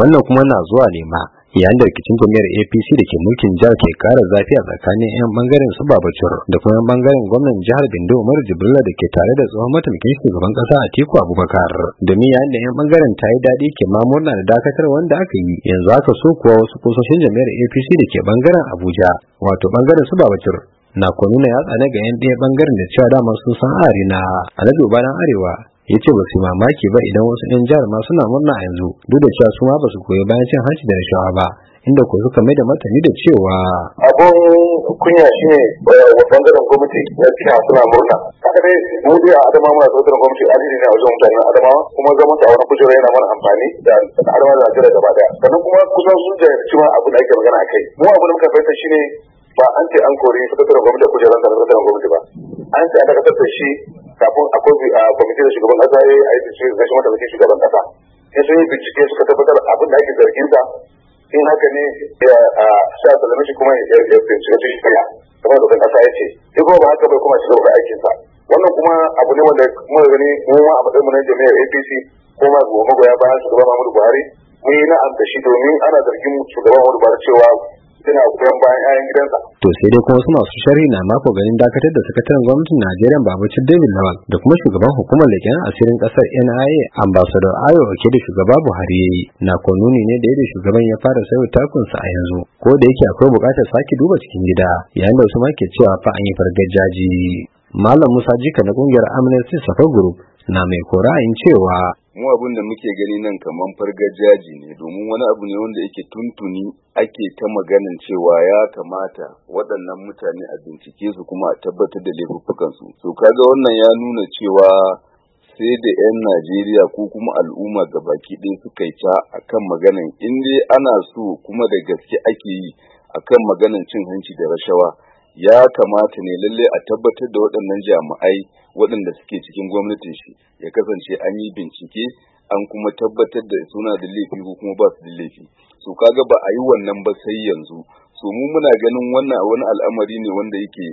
wannan kuma na zuwa ne ma yayin da rikicin jami'ar apc da ke mulkin jihar ke kara zafi a tsakanin 'yan bangaren su babacur da kuma 'yan bangaren gwamnan jihar bindo umar jibrila da ke tare da tsohon mataimakin shugaban kasa a tiku abubakar domin yayin da 'yan bangaren ta yi daɗi ke ma murna da dakatar wanda aka yi yanzu aka so kuwa wasu kusoshin jami'ar apc da ke bangaren abuja wato bangaren su babacur na kwanuna ya tsane ga 'yan ɗaya bangaren da cewa dama sun san arina a na arewa ya ce ba su mamaki ba idan wasu 'yan jihar ma suna murna a yanzu duk da cewa su ma ba su koyi bayan cin hanci da rashawa ba inda ko suka mai da martani da cewa abun kunya shi ne eh, wa bangaren gwamnati na jiha suna murna haka dai mu dai a adama muna sautar gwamnati alheri ne a wajen mutanen adama kuma zaman ta wani kujera yana mana amfani da adama da najeriya gaba daya sannan kuma kusan sun jahilci cewa abu da ake magana a kai mu abin da muka fahimta shi ne ba an ce an kori sakataren gwamnati kujeran da sakataren gwamnati ba an ce an dakatar da shi kafin akwai kwamitin da shugaban kasa ya yi a yi bincike da kuma mataimakin shugaban kasa sai sun yi bincike suka tabbatar abin da ake zargin sa in haka ne sai a salame shi kuma ya bincike su kaya kamar da kasa ya ce sai kuma ba haka bai kuma shiga wurin aikin sa wannan kuma abu ne wanda muka gani mu ma a matsayin mu na jami'ar APC ko ma magoya bayan shugaban Muhammadu Buhari mun yi na'am da shi domin ana zargin shugaban Muhammadu Buhari cewa suna goyon bayan 'ya'yan gidansa. To sai dai kuma wasu masu sharhi na mako ganin dakatar da sakataren gwamnatin Najeriya Babacin David Lawal da kuma shugaban hukumar leken asirin ƙasar NIA Ambassador Ayo Oke da shugaba Buhari ya na konuni ne da yadda shugaban ya fara sayo takunsa a yanzu ko da yake akwai buƙatar sake duba cikin gida yayin da wasu ma ke cewa fa an yi fargajaji. Malam Musa Jika na ƙungiyar Amnesty Safa Group na mai kora'in cewa mu abin da muke gani nan kamar fargajaji ne domin wani abu ne wanda yake tuntuni ake ta maganin cewa ya kamata waɗannan mutane a bincike su kuma a tabbatar da laifuffukansu to kaga wannan ya nuna cewa sai da 'yan najeriya ko kuma al'umma ga baki ɗaya suka yi ta a kan maganin in dai ana so kuma da gaske ake yi akan kan maganin cin hanci da rashawa ya kamata ne lalle a tabbatar da waɗannan jami'ai waɗanda suke cikin gwamnatin shi ya kasance an yi bincike an kuma tabbatar da suna da laifi ko kuma ba su da laifi so kaga ba a yi wannan ba sai yanzu so mu muna ganin wannan wani al'amari ne wanda yake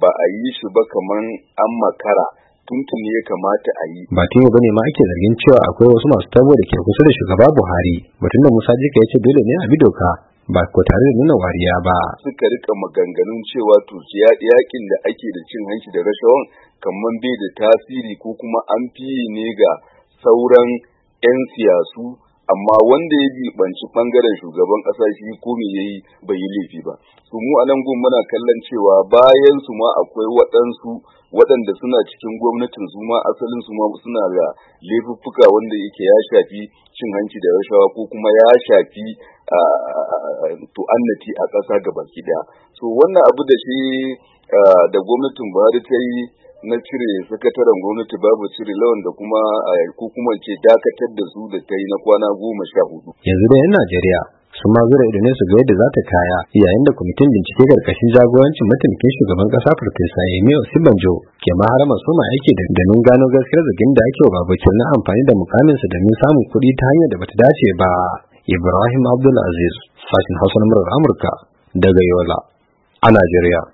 ba a yi shi ba kaman an makara tuntuni ya kamata a yi. Ba tuni bane ma ake zargin cewa akwai wasu masu tabo da ke kusa da shugaba Buhari, batun da Musa Jika ya ce dole ne a bi doka ba ko tare da nuna wariya ba. Suka rika maganganun cewa to yakin da ake da cin hanci da rashawan kamar bai da tasiri ko kuma an fi ne ga sauran 'yan siyasu amma wanda ya biɓanci bangaren shugaban kasa shi ko me yayi bai yi laifi ba su mu anan gun muna kallon cewa bayan su ma akwai waɗansu waɗanda suna cikin gwamnatin su ma asalin su ma suna da laifuffuka wanda yake ya shafi cin hanci da rashawa ko kuma ya shafi to annati a ƙasa gaba ɗaya so wannan abu da shi da gwamnatin Buhari ta yi na cire sakataren gwamnati babu cire lawan da kuma eh, ko kuma ce dakatar da su da ta yi na kwana goma sha hudu. Yanzu da 'yan Najeriya sun ma zura ido ne su ga yadda za ta kaya yayin da kwamitin bincike karkashin jagorancin mataimakin shugaban kasa farfesa Emeo Osibanjo ke maharama su ma aiki da nun gano gaskiyar zagin da ake wa babacin na amfani da mukaminsa domin samun kuɗi ta hanyar da bata dace ba. Ibrahim AbdulAziz fashin sashen Hausa na Amurka daga Yola a Najeriya.